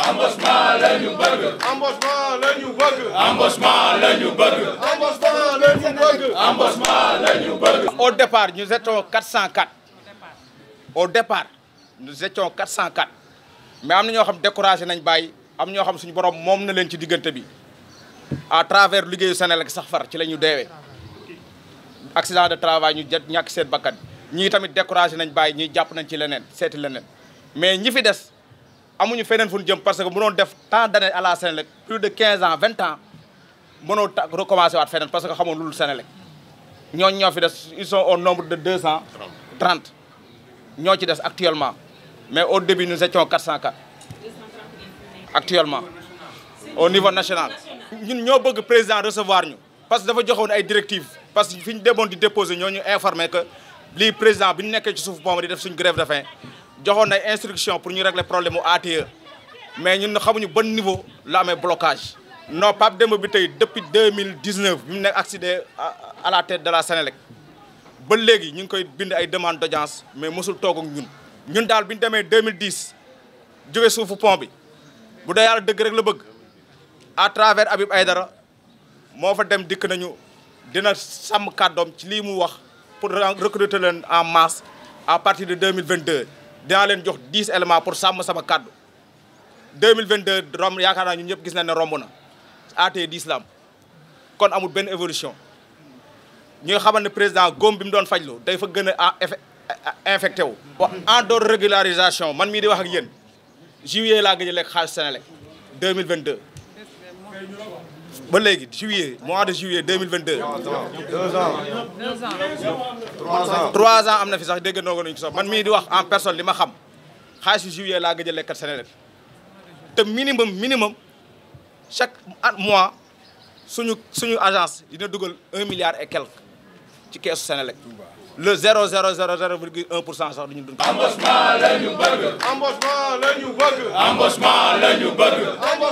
embauchement la ñu bëgg. embauchement la ñu bëgg. embauchement la ñu bëgg. embauchement la ñu bëgg. embauchement la ñu bëgg. au départ nous étions 404. au départ nous étions 404. mais am na ñoo xam découragé nañ bàyyi am ñoo xam suñu borom moom na leen ci diggante bi à travers liggéeyu Senelec sax far ci la ñu deewee accident de travail ñu jot ñàkk seen bakkan. ñii tamit découragé nañ bàyyi ñii jàpp nañ ci leneen seeti leneen mais ñi fi des amuñu feneen fu ñu jëm parce que mënoon def tant d'années à la Sénélec plus de 15 ans 20 ans mënoo ta waat feneen parce que xamoon lu dul Sénélec ñooñu ñoo fi des ils sont au nombre de 200. 30 ñoo ci des actuellement mais au début nous étions 404. actuellement au niveau national. ñun ñoo bëgg président recevoir ñu. parce que dafa joxoon ay directives parce que fi ñu demoon di déposer ñoo ñu informé que. lii président bi ñu nekkee ci suuf moom di def suñu grève de faim joxoon na instruction pour ñu régler problème mu ATE mais ñun xamuñu ban niveau la amee blocage. non Pape dem bi tey depuis 2019 bi mu nekk accédé à la tête de la Sénélec ba léegi ñu ngi koy bind ay demande d'audience mais mosul toog ñun. ñun daal bi ñu demee 2010 jóge suufu pont bi bu dee yàlla dëgg rek la bëgg à travers ay dara moo fa dem dikk nañu dina sàmm kaddoom ci lii mu wax. pour recruter leen en masse à partir de 2022 dinaa leen jox 10 éléments pour sàmm sama kàddu deux romb yaakaar naa ñun ñëpp gis nañ ne romb na at 10 la kon amul benn évolution ñi nga xamante ne président góom bi mu doon fajlu day fa gën a infecté wu. en dehors régularisation man mii di wax ak yéen juillet laa gëj a lekk xaalis Senelec 2022. ba léegi juillet mois de juillet deux mille vingt deux. deux ans trois ans. trois ans am na fi sax dégg noo ko man mii di wax en personne li ma xam xaalisu juillet laa gëj a lekkat Senelec te minimum minimum chaque mois suñu suñu agence dina dugal un milliard et quelque ci keesu Senelec le zéro zéro zéro zéro virgule un pour cent sax du ñu dund. embauchement la ñu bëgg. embauchement